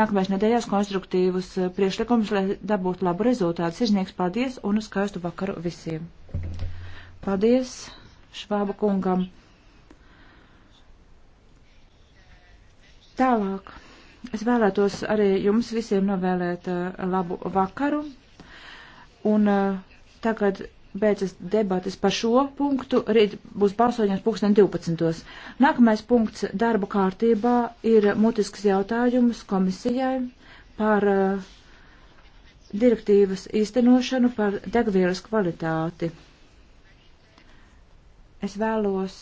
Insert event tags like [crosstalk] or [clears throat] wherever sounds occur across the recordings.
nākamais nedēļās konstruktīvus eh, priekšlikumus, lai dabūtu labu rezultātu. Sirsnieks, paldies un skaistu vakaru visiem. Paldies Švāba kungam. Tālāk. Es vēlētos arī jums visiem novēlēt uh, labu vakaru. Un uh, tagad beidzas debatas par šo punktu. Rīt būs balsojums pulksten 12. Nākamais punkts darba kārtībā ir mutisks jautājums komisijai par uh, direktīvas īstenošanu par degvielas kvalitāti. Es vēlos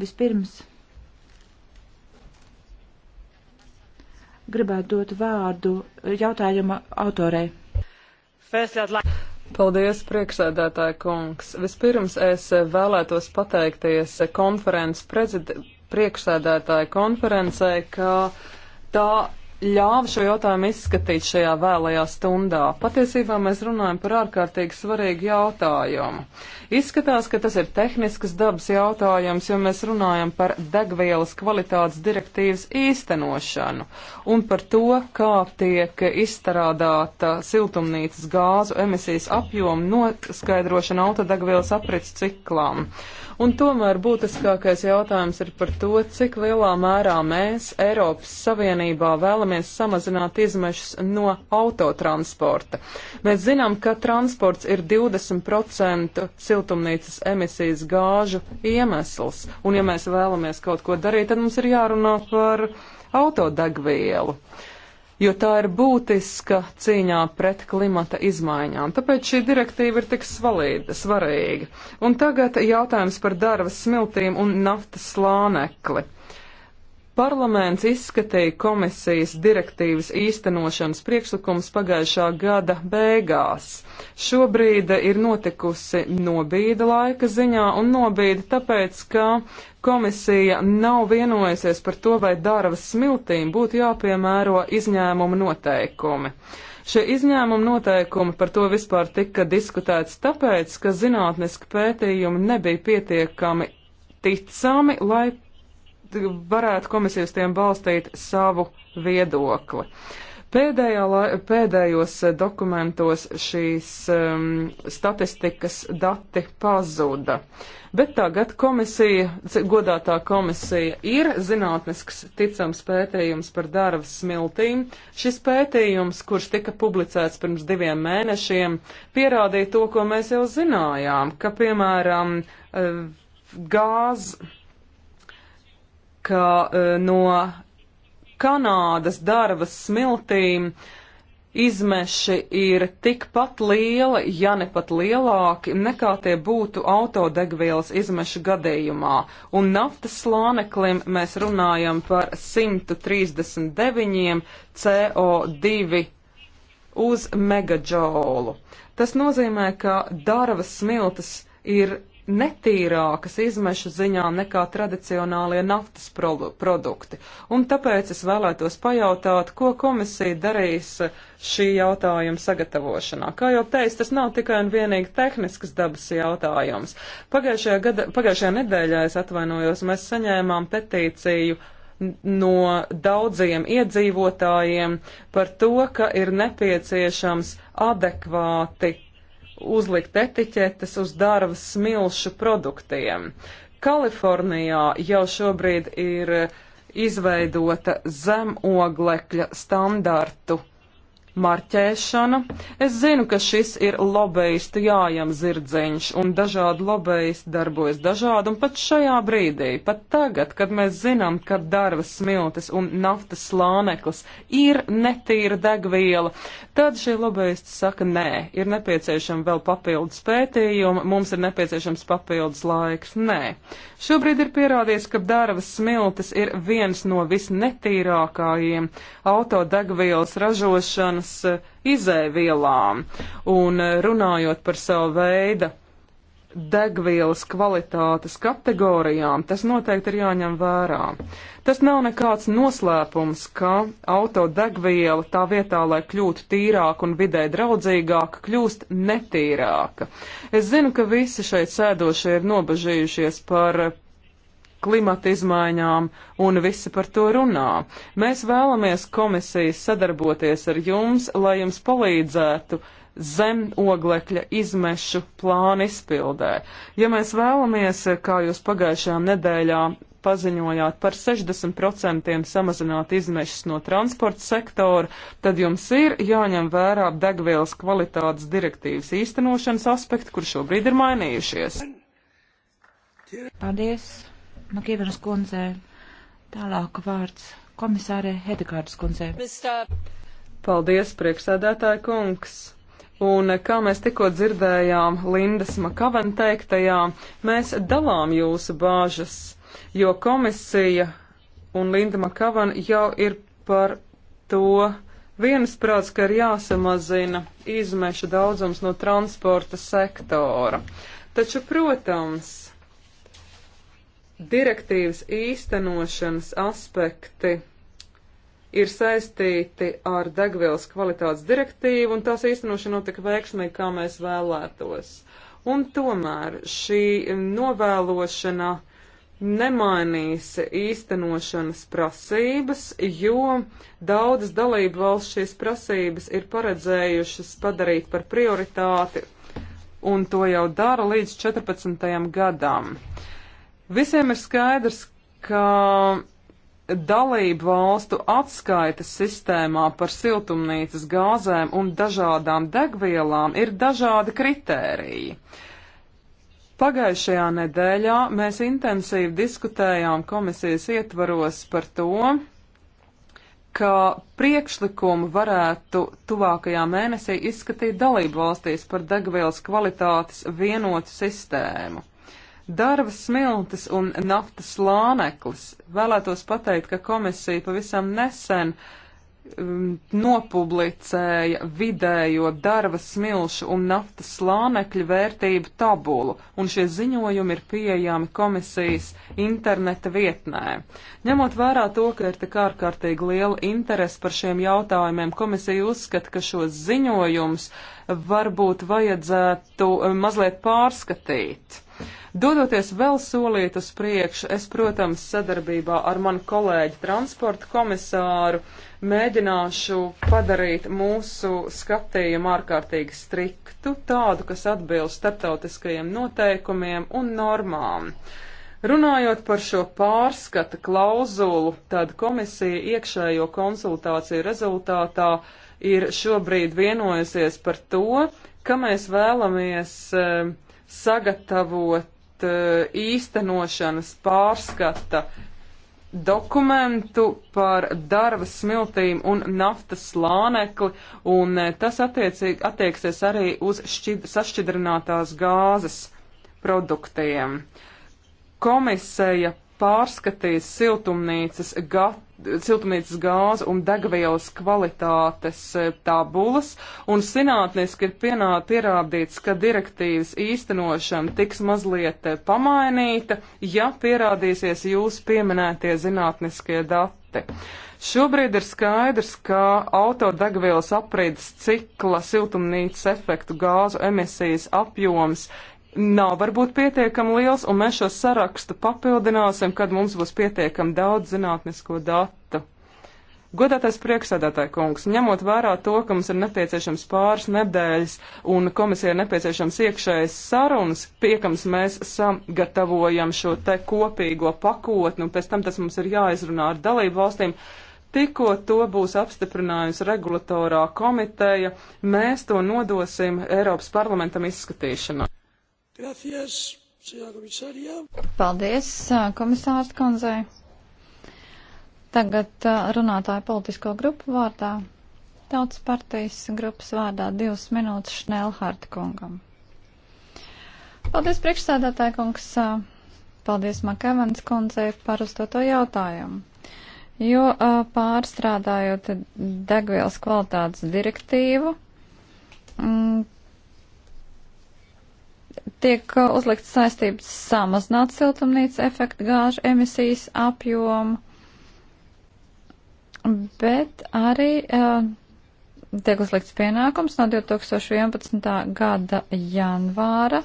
vispirms gribētu dot vārdu jautājuma autorei. Firstly, I'd like Paldies, priekšsēdētāja kungs. Vispirms es vēlētos pateikties konferences priekšsēdētāja konferencē, ka tā ļāva šo jautājumu izskatīt šajā vēlajā stundā. Patiesībā mēs runājam par ārkārtīgi svarīgu jautājumu. Izskatās, ka tas ir tehniskas dabas jautājums, jo mēs runājam par degvielas kvalitātes direktīvas īstenošanu un par to, kā tiek izstrādāta siltumnīcas gāzu emisijas apjoma noskaidrošana autodegvielas aprits ciklām. Un tomēr būtiskākais jautājums ir par to, cik lielā mērā mēs Eiropas Savienībā vēlamies vēlamies samazināt izmešus no autotransporta. Mēs zinām, ka transports ir 20% siltumnīcas emisijas gāžu iemesls, un ja mēs vēlamies kaut ko darīt, tad mums ir jārunā par autodegvielu jo tā ir būtiska cīņā pret klimata izmaiņām. Tāpēc šī direktīva ir tik svalīda, svarīga. Un tagad jautājums par darvas smiltīm un naftas slānekli. Parlaments izskatīja komisijas direktīvas īstenošanas priekšlikums pagājušā gada beigās. Šobrīd ir notikusi nobīda laika ziņā un nobīda tāpēc, ka komisija nav vienojusies par to, vai darbas smiltīm būtu jāpiemēro izņēmuma noteikumi. Šie izņēmuma noteikumi par to vispār tika diskutēts tāpēc, ka zinātniski pētījumi nebija pietiekami ticami, lai varētu komisijas tiem balstīt savu viedokli. Pēdējā, pēdējos eh, dokumentos šīs um, statistikas dati pazuda, bet tagad komisija, godātā komisija, ir zinātnisks ticams pētījums par darbas smiltīm. Šis pētījums, kurš tika publicēts pirms diviem mēnešiem, pierādīja to, ko mēs jau zinājām, ka, piemēram, eh, gāzes ka e, no Kanādas darbas smiltīm izmeši ir tikpat lieli, ja ne pat lielāki, nekā tie būtu autodegvielas izmešu gadījumā. Un naftas slāneklim mēs runājam par 139 CO2 uz megadžolu. Tas nozīmē, ka darbas smiltas ir netīrākas izmešu ziņā nekā tradicionālie naftas produkti. Un tāpēc es vēlētos pajautāt, ko komisija darīs šī jautājuma sagatavošanā. Kā jau teicu, tas nav tikai un vienīgi tehnisks dabas jautājums. Pagājušajā, gada, pagājušajā nedēļā, es atvainojos, mēs saņēmām petīciju no daudziem iedzīvotājiem par to, ka ir nepieciešams adekvāti uzlikt etiķetes uz darba smilšu produktiem. Kalifornijā jau šobrīd ir izveidota zemoglekļa standartu marķēšana. Es zinu, ka šis ir lobbyistu jājam zirdziņš, un dažādi lobbyisti darbojas dažādi, un pat šajā brīdī, pat tagad, kad mēs zinām, ka darvas smiltis un naftas slāneklis ir netīra degviela, tad šie lobbyisti saka, nē, ir nepieciešama vēl papildus pētījuma, mums ir nepieciešams papildus laiks. Nē. Šobrīd ir pierādīts, ka darvas smiltis ir viens no visnetīrākajiem autodegvielas ražošanas lietošanas eh, izēvielām. Un eh, runājot par savu veidu degvielas kvalitātes kategorijām, tas noteikti ir jāņem vērā. Tas nav nekāds noslēpums, ka autodegviela tā vietā, lai kļūtu tīrāka un vidē draudzīgāka, kļūst netīrāka. Es zinu, ka visi šeit sēdošie ir nobežījušies par klimata izmaiņām, un visi par to runā. Mēs vēlamies komisijas sadarboties ar jums, lai jums palīdzētu zem oglekļa izmešu plānu izpildē. Ja mēs vēlamies, kā jūs pagājušajā nedēļā paziņojāt par 60% samazināt izmešas no transporta sektora, tad jums ir jāņem vērā degvielas kvalitātes direktīvas īstenošanas aspekti, kur šobrīd ir mainījušies. Paldies! Makīvenas kundzei. Tālāk vārds komisārē Hedegārdas kundzei. Paldies, priekšsēdētāja kungs! Un kā mēs tikko dzirdējām Lindas Makaven teiktajā, mēs dalām jūsu bāžas, jo komisija un Linda Makaven jau ir par to viensprāts, ka ir jāsamazina izmeša daudzums no transporta sektora. Taču, protams, direktīvas īstenošanas aspekti ir saistīti ar degvielas kvalitātes direktīvu, un tās īstenošana notika veiksmīgi, kā mēs vēlētos. Un tomēr šī novēlošana nemainīs īstenošanas prasības, jo daudzas dalību valsts šīs prasības ir paredzējušas padarīt par prioritāti, un to jau dara līdz 14. gadam. Uh, Visiem ir skaidrs, ka dalību valstu atskaites sistēmā par siltumnīcas gāzēm un dažādām degvielām ir dažādi kritēriji. Pagājušajā nedēļā mēs intensīvi diskutējām komisijas ietvaros par to, ka priekšlikumu varētu tuvākajā mēnesī izskatīt dalību valstīs par degvielas kvalitātes vienotu sistēmu. Darba smiltis un naftas slāneklis. Vēlētos pateikt, ka komisija pavisam nesen um, nopublicēja vidējo darba smilšu un naftas slānekļu vērtību tabulu, un šie ziņojumi ir pieejami komisijas interneta vietnē. Ņemot vērā to, ka ir tik ārkārtīgi liela interese par šiem jautājumiem, komisija uzskata, ka šos ziņojumus varbūt vajadzētu um, mazliet pārskatīt. Dodoties vēl solīt uz priekšu, es, protams, sadarbībā ar manu kolēģi transporta komisāru mēģināšu padarīt mūsu skatījumu ārkārtīgi striktu, tādu, kas atbilst starptautiskajiem noteikumiem un normām. Runājot par šo pārskata klauzulu, tad komisija iekšējo konsultāciju rezultātā ir šobrīd vienojusies par to, ka mēs vēlamies eh, sagatavot pret eh, īstenošanas pārskata dokumentu par darvas smiltīm un naftas slānekli, un eh, tas attiecīgi attieksies arī uz šķid, sašķidrinātās gāzes produktiem. Komisija pārskatīs siltumnīcas GATT siltumnīcas gāzu un degvielas kvalitātes eh, tabulas, un zinātniski ir pienā, pierādīts, ka direktīvas īstenošana tiks mazliet eh, pamainīta, ja pierādīsies jūs pieminētie zinātniskie dati. Šobrīd ir skaidrs, ka autodegvielas aprīdes cikla siltumnīcas efektu gāzu emisijas apjoms nav varbūt pietiekami liels, un mēs šo sarakstu papildināsim, kad mums būs pietiekami daudz zinātnisko datu. Godātais priekšsēdētāji kungs, ņemot vērā to, ka mums ir nepieciešams pāris nedēļas un komisija ir nepieciešams iekšējas sarunas, piekams mēs sagatavojam šo te kopīgo pakotni, un pēc tam tas mums ir jāizrunā ar dalību valstīm. Tikko to būs apstiprinājusi regulatorā komiteja, mēs to nodosim Eiropas parlamentam izskatīšanā. Gracias, Paldies, komisārs Konzai. Tagad runātāja politisko grupu vārdā. Tautas partijas grupas vārdā divas minūtes Šnelhārta kungam. Paldies, priekšsādātāja kungs. Paldies Makavans kundzei par uzdoto jautājumu. Jo pārstrādājot degvielas kvalitātes direktīvu, tiek uh, uzlikts saistības samazināt siltumnīca efekta gāžu emisijas apjomu, bet arī uh, tiek uzlikts pienākums no 2011. gada janvāra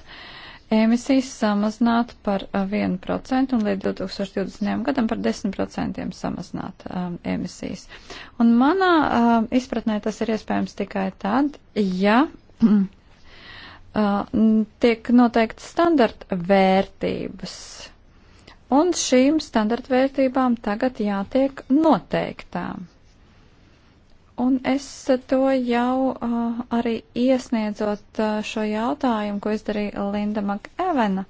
emisijas samazināt par 1% uh, un līdz 2020. gadam par 10% samazināt um, emisijas. Un manā uh, izpratnē tas ir iespējams tikai tad, ja [clears throat] Uh, tiek noteikti standarta vērtības. Un šīm standarta vērtībām tagad jātiek noteiktām. Un es to jau uh, arī iesniedzot uh, šo jautājumu, ko izdarīja Linda Makevena,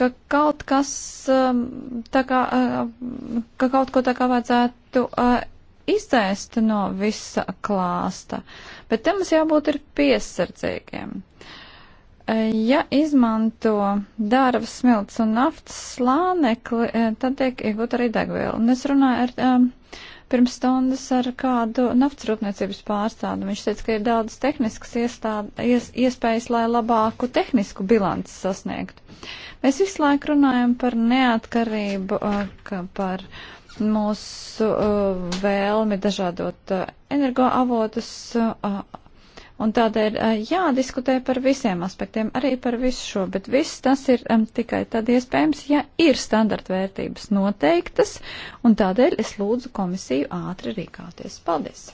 ka kaut kas, um, tā kā, uh, ka kaut ko tā kā vajadzētu uh, izdzēst no visa klāsta. Bet te mums jābūt ir piesardzīgiem. E, ja izmanto dārvas smilts un naftas slānekli, e, tad tiek iegūt arī degviela. Un es runāju ar, um, pirms stundas ar kādu naftas rūpniecības pārstādu. Viņš teica, ka ir daudz tehniskas iestād, ies, iespējas, lai labāku tehnisku bilanci sasniegtu. Mēs visu laiku runājam par neatkarību, ka par uh, mūsu uh, vēlmi dažādot uh, energoavotus. Uh, Un tādēļ uh, jādiskutē par visiem aspektiem, arī par visu šo, bet viss tas ir um, tikai tad iespējams, ja ir standartvērtības noteiktas, un tādēļ es lūdzu komisiju ātri rīkāties. Paldies!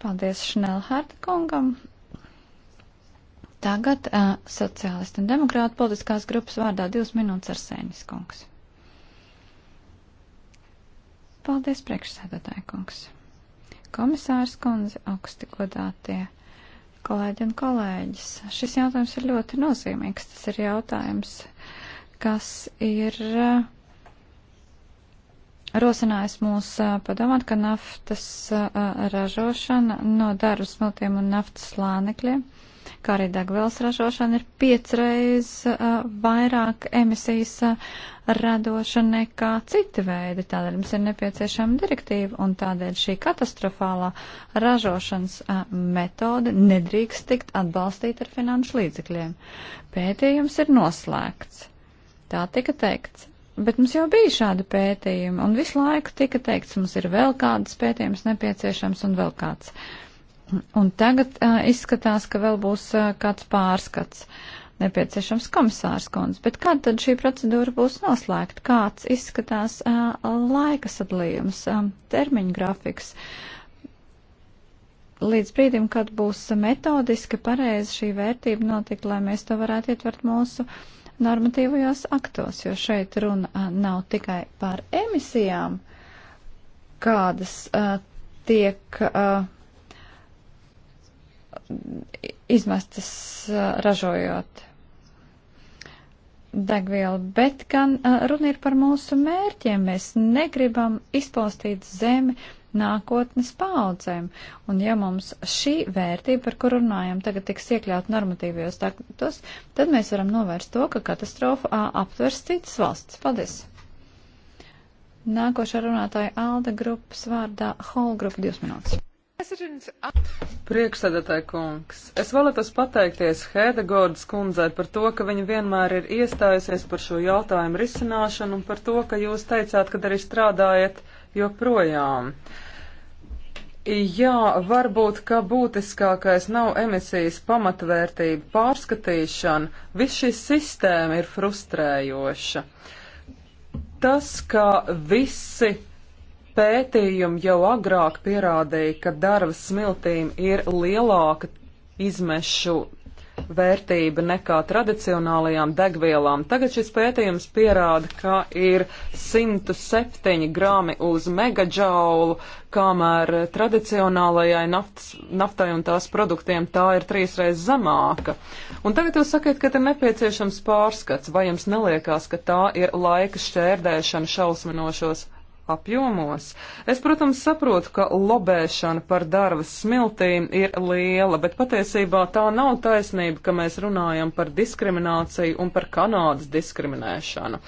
Paldies Šnelhārta kungam! Tagad uh, sociālistu un demokrātu politiskās grupas vārdā divas minūtes ar Sēnis kungs. Paldies, priekšsēdētāji kungs. Komisārs kundze, augsti godātie kolēģi un kolēģis. Šis jautājums ir ļoti nozīmīgs. Tas ir jautājums, kas ir eh, rosinājis mūs eh, padomāt, ka naftas eh, ražošana no darba smiltiem un naftas lānekļiem kā arī degvielas ražošana ir piecreiz uh, vairāk emisijas uh, radoša nekā citi veidi. Tādēļ mums ir nepieciešama direktīva un tādēļ šī katastrofālā ražošanas uh, metode nedrīkst tikt atbalstīta ar finanšu līdzekļiem. Pētījums ir noslēgts. Tā tika teikts. Bet mums jau bija šādi pētījumi, un visu laiku tika teikts, mums ir vēl kādas pētījumas nepieciešams un vēl kāds. Uh, Un tagad uh, izskatās, ka vēl būs uh, kāds pārskats nepieciešams komisārs kundze, bet kad tad šī procedūra būs noslēgta? Kāds izskatās uh, laika sadalījums, uh, termiņu grafiks? Līdz brīdim, kad būs metodiski pareizi šī vērtība notikt, lai mēs to varētu ietvert mūsu normatīvajos aktos, jo šeit runa uh, nav tikai par emisijām, kādas uh, tiek. Uh, izmestas ražojot degvielu, bet gan runa ir par mūsu mērķiem. Mēs negribam izpostīt zemi nākotnes paudzēm. Un ja mums šī vērtība, par kur runājam, tagad tiks iekļaut normatīvajos taktos, tad mēs varam novērst to, ka katastrofa aptvers citas valsts. Paldies! Nākošā runātāja Alda grupas vārdā Hall grupa divas minūtes. Priekšsēdētāji kungs, es vēlētos pateikties Hēda Gordas kundzei par to, ka viņa vienmēr ir iestājusies par šo jautājumu risināšanu un par to, ka jūs teicāt, kad arī strādājat joprojām. Jā, varbūt, ka būtiskākais nav emisijas pamatvērtība pārskatīšana, viss šī sistēma ir frustrējoša. Tas, ka visi pētījumi jau agrāk pierādīja, ka darvas smiltīm ir lielāka izmešu vērtība nekā tradicionālajām degvielām. Tagad šis pētījums pierāda, ka ir 107 grami uz megadžaulu, kamēr tradicionālajai naftas, naftai un tās produktiem tā ir trīsreiz zemāka. Un tagad jūs sakiet, ka te nepieciešams pārskats, vai jums neliekās, ka tā ir laika šķērdēšana šausminošos apjomos. Es, protams, saprotu, ka lobēšana par darvas smiltīm ir liela, bet patiesībā tā nav taisnība, ka mēs runājam par diskrimināciju un par Kanādas diskriminēšanu.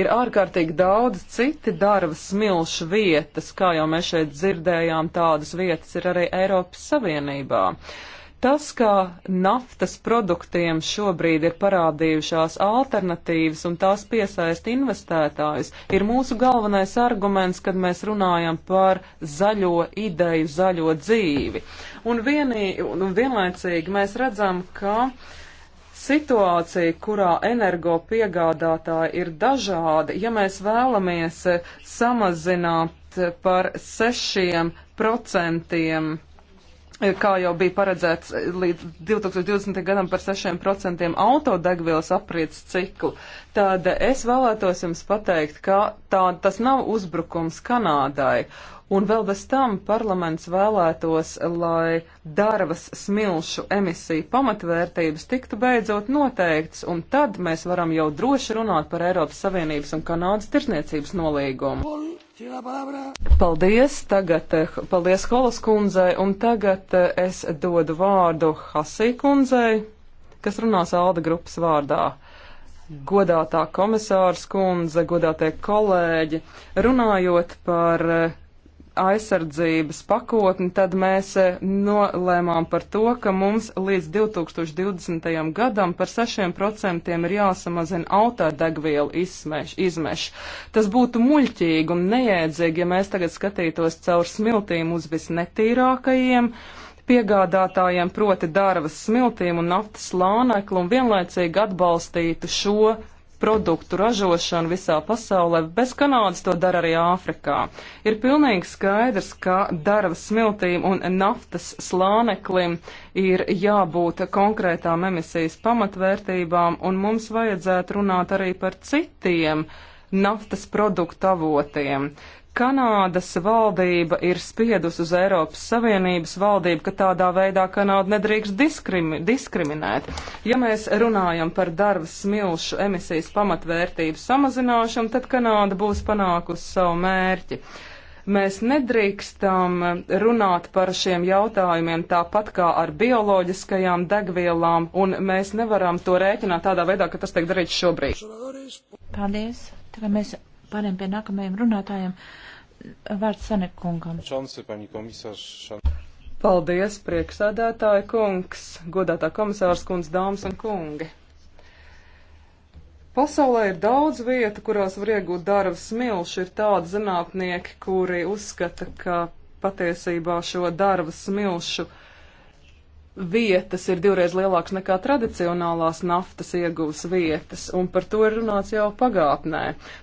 Ir ārkārtīgi daudz citi darvas smilšu vietas, kā jau mēs šeit dzirdējām, tādas vietas ir arī Eiropas Savienībā. Uh, Tas, kā naftas produktiem šobrīd ir parādījušās alternatīvas un tās piesaist investētājus, ir mūsu galvenais arguments, kad mēs runājam par zaļo ideju, zaļo dzīvi. Un, vienī, un vienlaicīgi mēs redzam, ka situācija, kurā energo piegādātāji ir dažādi, ja mēs vēlamies samazināt par sešiem procentiem kā jau bija paredzēts līdz 2020. gadam par 6% autodegvielas aprits ciklu, tad es vēlētos jums pateikt, ka tā, tas nav uzbrukums Kanādai. Un vēl bez tam parlaments vēlētos, lai darvas smilšu emisiju pamatvērtības tiktu beidzot noteikts, un tad mēs varam jau droši runāt par Eiropas Savienības un Kanādas tirsniecības nolīgumu. Paldies, tagad, eh, paldies Holas kundzei, un tagad eh, es dodu vārdu Hasī kundzei, kas runās Alda grupas vārdā. Godātā komisārs kundze, godātie kolēģi, runājot par eh, aizsardzības pakotni, tad mēs eh, nolēmām par to, ka mums līdz 2020. gadam par 6% ir jāsamazina autodegvielu izmeši. Tas būtu muļķīgi un neiedzīgi, ja mēs tagad skatītos caur smiltīm uz visnetīrākajiem piegādātājiem, proti dārvas smiltīm un naftas lāneklu un vienlaicīgi atbalstītu šo produktu ražošanu visā pasaulē, bez Kanādas to dara arī Āfrikā. Ir pilnīgi skaidrs, ka darba smiltīm un naftas slāneklim ir jābūt konkrētām emisijas pamatvērtībām, un mums vajadzētu runāt arī par citiem naftas produktu avotiem. Uh, Kanādas valdība ir spiedus uz Eiropas Savienības valdību, ka tādā veidā Kanādu nedrīkst diskrimi diskriminēt. Ja mēs runājam par darba smilšu emisijas pamatvērtību samazināšanu, tad Kanāda būs panākusi savu mērķi. Mēs nedrīkstam runāt par šiem jautājumiem tāpat kā ar bioloģiskajām degvielām, un mēs nevaram to rēķināt tādā veidā, ka tas tiek darīts šobrīd. Paldies! Tagad mēs pāriem pie nākamajiem runātājiem. Vārds Sanekungam. Paldies, prieksēdētāja kungs, godātā komisārs kundz, dāmas un kungi. Pasaulē ir daudz vietu, kurās var iegūt darbu smilšu. Ir tādi zinātnieki, kuri uzskata, ka patiesībā šo darbu smilšu vietas ir divreiz lielāks nekā tradicionālās naftas ieguvas vietas, un par to ir runāts jau pagātnē.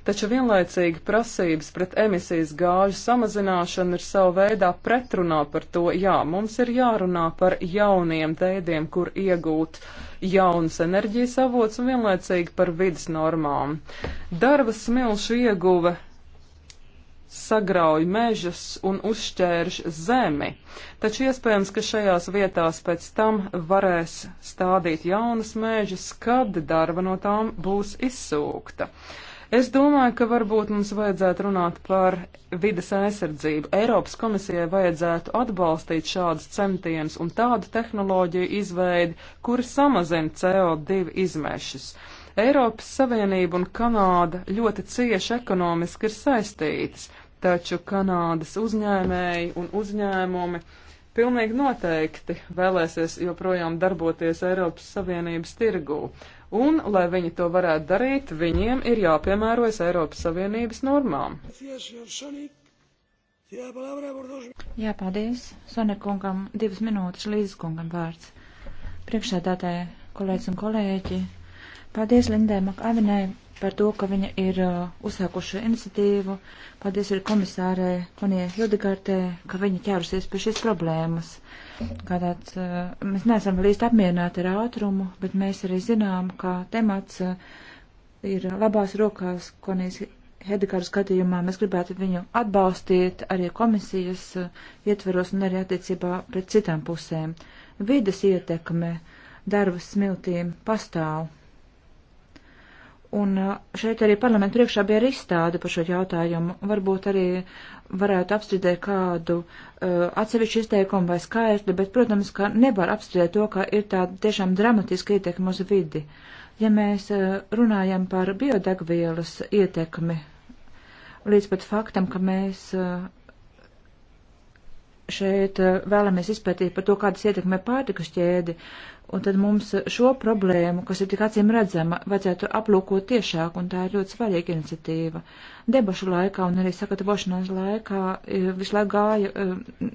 Taču vienlaicīgi prasības pret emisijas gāžu samazināšanu ir savu veidā pretrunā par to, jā, mums ir jārunā par jauniem veidiem, kur iegūt jaunas enerģijas avots un vienlaicīgi par vidas normām. Darba smilšu ieguve sagrauj mežus un uzšķērš zemi, taču iespējams, ka šajās vietās pēc tam varēs stādīt jaunas mežus, kad darba no tām būs izsūkta. Es domāju, ka varbūt mums vajadzētu runāt par vidas aizsardzību. Eiropas komisijai vajadzētu atbalstīt šādas centienus un tādu tehnoloģiju izveidi, kuri samazina CO2 izmešus. Eiropas Savienība un Kanāda ļoti cieši ekonomiski ir saistītas taču Kanādas uzņēmēji un uzņēmumi pilnīgi noteikti vēlēsies joprojām darboties Eiropas Savienības tirgū. Un, lai viņi to varētu darīt, viņiem ir jāpiemērojas Eiropas Savienības normām. Jā, paldies. Sonikungam divas minūtes līdz kungam vārds. Priekšsēdētāji, kolēģis un kolēģi. Paldies Lindai Makavinai par to, ka viņa ir uh, uzsākuša iniciatīvu. Paldies arī komisārai Konijai Hildegartē, ka viņa ķērusies pie šīs problēmas. Kādāds, uh, mēs neesam vēl īsti apmierināti ar ātrumu, bet mēs arī zinām, ka temats uh, ir labās rokās Konijas Hedekāra skatījumā mēs gribētu viņu atbalstīt arī komisijas uh, ietveros un arī attiecībā pret citām pusēm. Vides ietekme darvas smiltīm pastāv, Un uh, šeit arī parlamentu priekšā bija arī izstāde par šo jautājumu. Varbūt arī varētu apstrīdēt kādu uh, atsevišķu izteikumu vai skaitli, bet, protams, ka nevar apstrīdēt to, ka ir tāda tiešām dramatiska ietekme uz vidi. Ja mēs uh, runājam par biodegvielas ietekmi, līdz pat faktam, ka mēs uh, šeit uh, vēlamies izpētīt par to, kādas ietekmē pārtikas ķēdi, uh, Un tad mums šo problēmu, kas ir tik acīm redzama, vajadzētu aplūkot tiešāk, un tā ir ļoti svarīga iniciatīva. Debašu laikā un arī sagatavošanās laikā e, visu laiku gāja, e,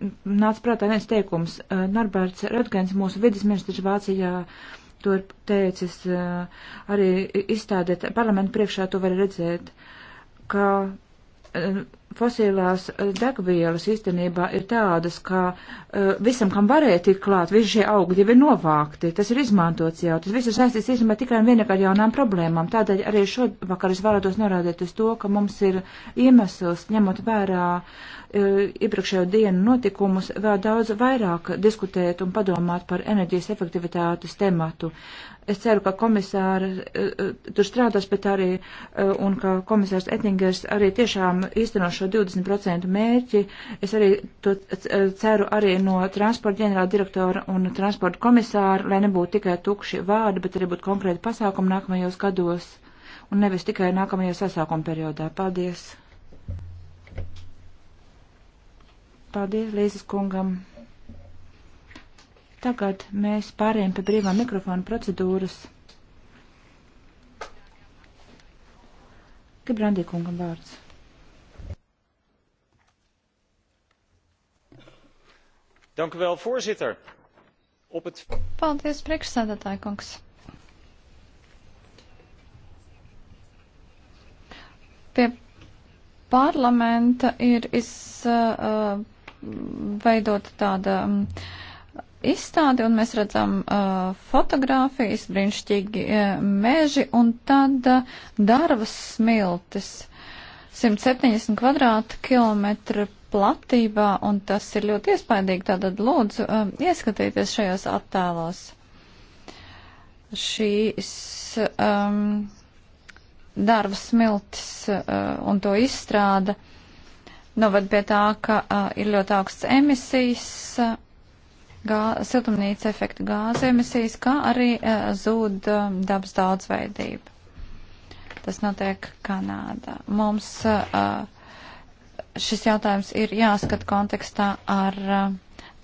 nāca prātā viens teikums. E, Norberts Redgens, mūsu vidas ministrs Vācijā, to ir teicis, arī izstādēt parlamentu priekšā, to var redzēt, ka fosilās eh, degvielas īstenībā ir tādas, ka uh, visam, kam varēja tikt klāt, visi šie augļi jau ir novākti, tas ir izmantots jau, tas viss ir saistīts īstenībā tikai un vienīgi ar jaunām problēmām. Tādēļ arī šovakar es vēlētos norādīt uz to, ka mums ir iemesls, ņemot vērā uh, iepriekšējo dienu notikumus, vēl daudz vairāk diskutēt un padomāt par enerģijas efektivitātes tematu. Es ceru, ka komisāra uh, tur strādās, bet arī, un ka komisārs Ettingers arī tiešām īstenošu šo 20% mērķi. Es arī to e, ceru arī no transporta ģenerāla direktora un transporta komisāra, lai nebūtu tikai tukši vārdi, bet arī būtu konkrēti pasākumi nākamajos gados un nevis tikai nākamajā sasākuma periodā. Paldies! Paldies Līzes kungam! Tagad mēs pārējām pie brīvā mikrofona procedūras. Gebrandī kungam vārds. Dank u wel, voorzitter. Op het... Paldies, priekšsēdētāji kungs. Pie parlamenta ir izveidota uh, tāda um, izstāde, un mēs redzam uh, fotogrāfijas, brīnišķīgi uh, meži, un tad uh, darvas smiltis. Uh, 170 kvadrātkilometru platībā, un tas ir ļoti iespaidīgi. Tātad lūdzu um, ieskatieties šajos attēlos. Šīs um, darba smiltis uh, un to izstrāda noved pie tā, ka uh, ir ļoti augsts emisijas, uh, gā, siltumnīca efekta gāzu emisijas, kā arī uh, zūd uh, dabas daudzveidība. Tas notiek Kanādā. Mums uh, šis jautājums ir jāskat kontekstā ar uh,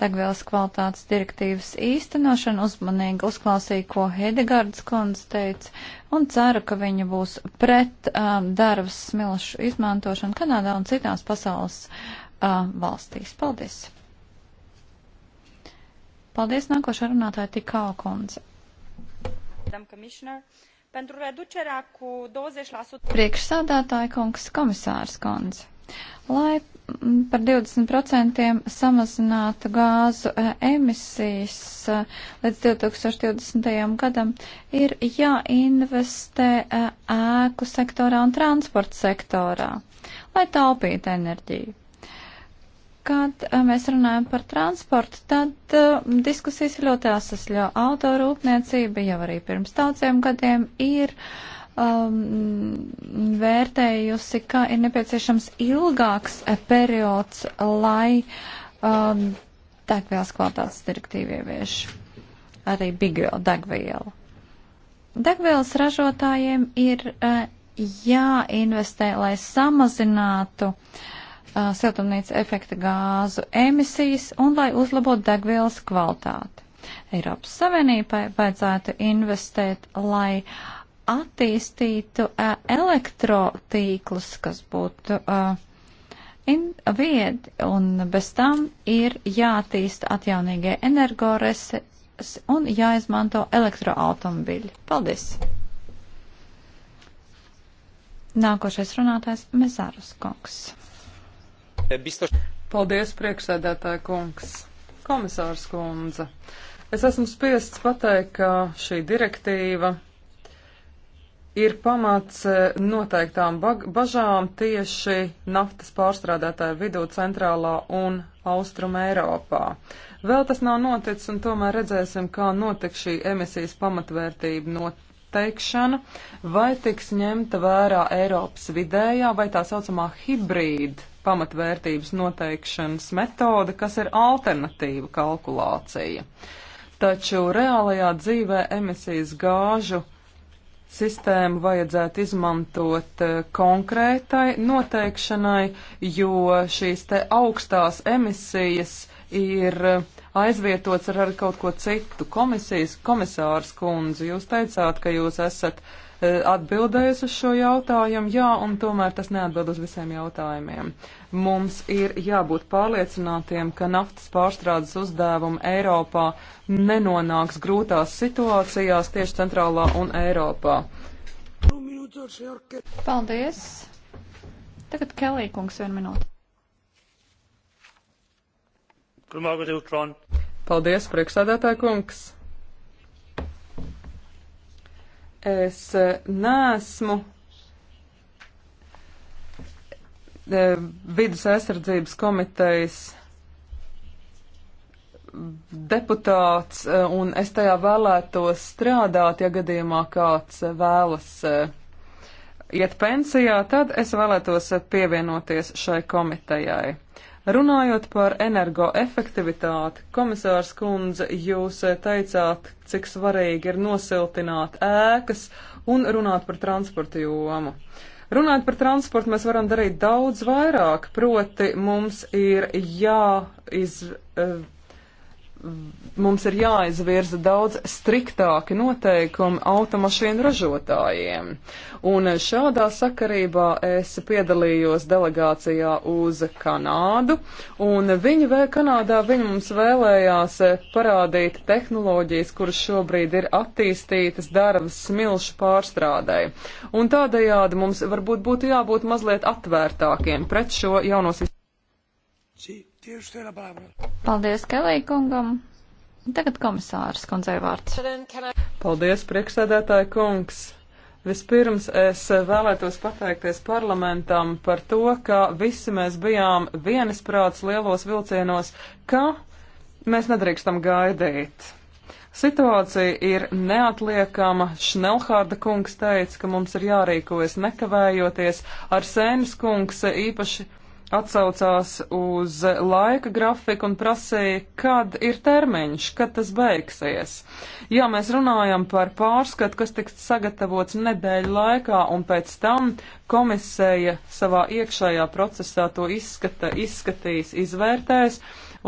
degvielas kvalitātes direktīvas īstenošanu. Uzmanīgi uzklausīju, ko Hedegards kundze teica, un ceru, ka viņa būs pret um, darbas smilšu izmantošanu Kanādā un citās pasaules uh, valstīs. Paldies! Paldies, nākošā runātāja Tikā kundze. Madam Commissioner, uh, Pentru reducerea cu 20%... Priekšsādātāja kungs, komisārs kundze. Lai par 20% samazinātu gāzu eh, emisijas eh, līdz 2020. gadam, ir jāinvestē eh, ēku sektorā un transporta sektorā, lai taupītu enerģiju. Kad eh, mēs runājam par transportu, tad uh, diskusijas ir ļoti asas, jo autorūpniecība jau arī pirms daudziem gadiem ir um, vērtējusi, ka ir nepieciešams ilgāks eh, periods, lai um, degvielas kvalitātes direktīvi ievieš arī bigvielu degvielu. Degvielas ražotājiem ir uh, jāinvestē, lai samazinātu uh, uh, siltumnīca efekta gāzu emisijas un lai uzlabotu degvielas kvalitāti. Eiropas Savienībai vajadzētu investēt, lai attīstītu uh, elektrotīklus, kas būtu uh, in, viedi, un bez tam ir jātīsta atjaunīgie energoresi un jāizmanto elektroautomobiļi. Paldies! Nākošais runātājs Mezārus Kungs. Paldies, priekšsēdētāja kungs. Komisārs kundze. Es esmu spiests pateikt, ka šī direktīva ir pamats eh, noteiktām bažām tieši naftas pārstrādātāju vidū centrālā un austruma Eiropā. Vēl tas nav noticis, un tomēr redzēsim, kā notiks šī emisijas pamatvērtība noteikšana, vai tiks ņemta vērā Eiropas vidējā vai tā saucamā hibrīda pamatvērtības noteikšanas metode, kas ir alternatīva kalkulācija. Taču reālajā dzīvē emisijas gāžu sistēmu vajadzētu izmantot eh, konkrētai noteikšanai, jo šīs te augstās emisijas ir eh, aizvietots ar, ar kaut ko citu. Komisijas komisārs kundze, jūs teicāt, ka jūs esat uh, E, atbildējis uz šo jautājumu, jā, un tomēr tas neatbild uz visiem jautājumiem. Mums ir jābūt pārliecinātiem, ka naftas pārstrādes uzdevumi Eiropā nenonāks grūtās situācijās tieši centrālā un Eiropā. Paldies! Tagad Kelī kungs vienu minūti. Paldies, priekšsēdētāja kungs! es eh, nesmu eh, vidus aizsardzības komitejas deputāts, eh, un es tajā vēlētos strādāt, ja gadījumā kāds vēlas iet pensijā, tad es vēlētos pievienoties šai komitejai. Runājot par energoefektivitāti, komisārs kundze, jūs teicāt, cik svarīgi ir nosiltināt ēkas un runāt par transporta jomu. Runājot par transportu, mēs varam darīt daudz vairāk, proti mums ir jāiz, eh, mums ir jāizvirza daudz striktāki noteikumi automašīnu ražotājiem. Un šādā sakarībā es piedalījos delegācijā uz Kanādu, un viņi vēl Kanādā viņi mums vēlējās parādīt tehnoloģijas, kuras šobrīd ir attīstītas darbas smilšu pārstrādē. Un tādējādi mums varbūt būtu jābūt mazliet atvērtākiem pret šo jaunos. Sí. Paldies Kelī kungam. Tagad komisārs kundzei vārds. Paldies, priekšsēdētāji kungs. Vispirms es vēlētos pateikties parlamentam par to, ka visi mēs bijām vienisprāts lielos vilcienos, ka mēs nedrīkstam gaidīt. Situācija ir neatliekama. Šnelhārda kungs teica, ka mums ir jārīkojas nekavējoties. Ar sēnes kungs īpaši atsaucās uz laika grafiku un prasīja, kad ir termiņš, kad tas beigsies. Jā, mēs runājam par pārskatu, kas tiks sagatavots nedēļu laikā, un pēc tam komisija savā iekšējā procesā to izskata, izskatīs, izvērtēs,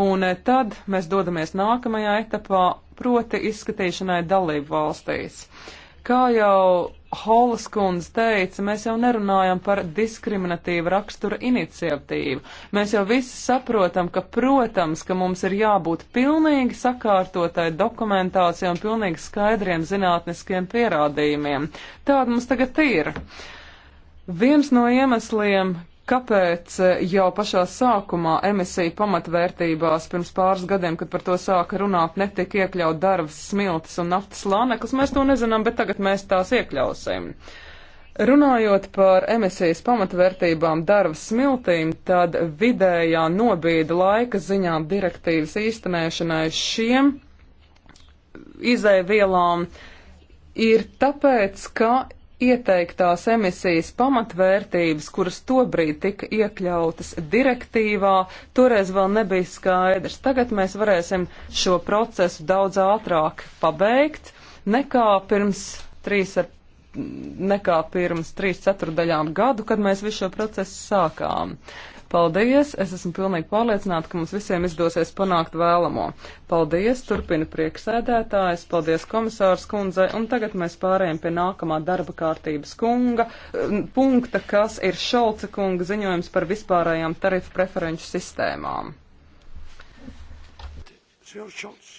un tad mēs dodamies nākamajā etapā, proti izskatīšanai dalību valstīs. Kā jau Holas kundze teica, mēs jau nerunājam par diskriminatīvu rakstura iniciatīvu. Mēs jau visi saprotam, ka, protams, ka mums ir jābūt pilnīgi sakārtotai dokumentācijai un pilnīgi skaidriem zinātniskiem pierādījumiem. Tāda mums tagad ir. Viens no iemesliem, Kāpēc eh, jau pašā sākumā emisiju pamatvērtībās pirms pāris gadiem, kad par to sāka runāt, netika iekļaut darbas smiltis un naftas lānekas? Mēs to nezinām, bet tagad mēs tās iekļausim. Runājot par emisijas pamatvērtībām darbas smiltīm, tad vidējā nobīda laika ziņā direktīvas īstenēšanai šiem izēvielām ir tāpēc, ka ieteiktās emisijas pamatvērtības, kuras tobrīd tika iekļautas direktīvā, toreiz vēl nebija skaidrs. Tagad mēs varēsim šo procesu daudz ātrāk pabeigt nekā pirms trīs ar nekā pirms trīs ceturdaļām gadu, kad mēs visu šo procesu sākām. Uh, Paldies! Es esmu pilnīgi pārliecināta, ka mums visiem izdosies panākt vēlamo. Paldies! Turpina prieksēdētājs, paldies komisārs kundzei, un tagad mēs pārējām pie nākamā darba kārtības kunga, punkta, kas ir Šolca kunga ziņojums par vispārējām tarifu preferenču sistēmām. Sir Schultz.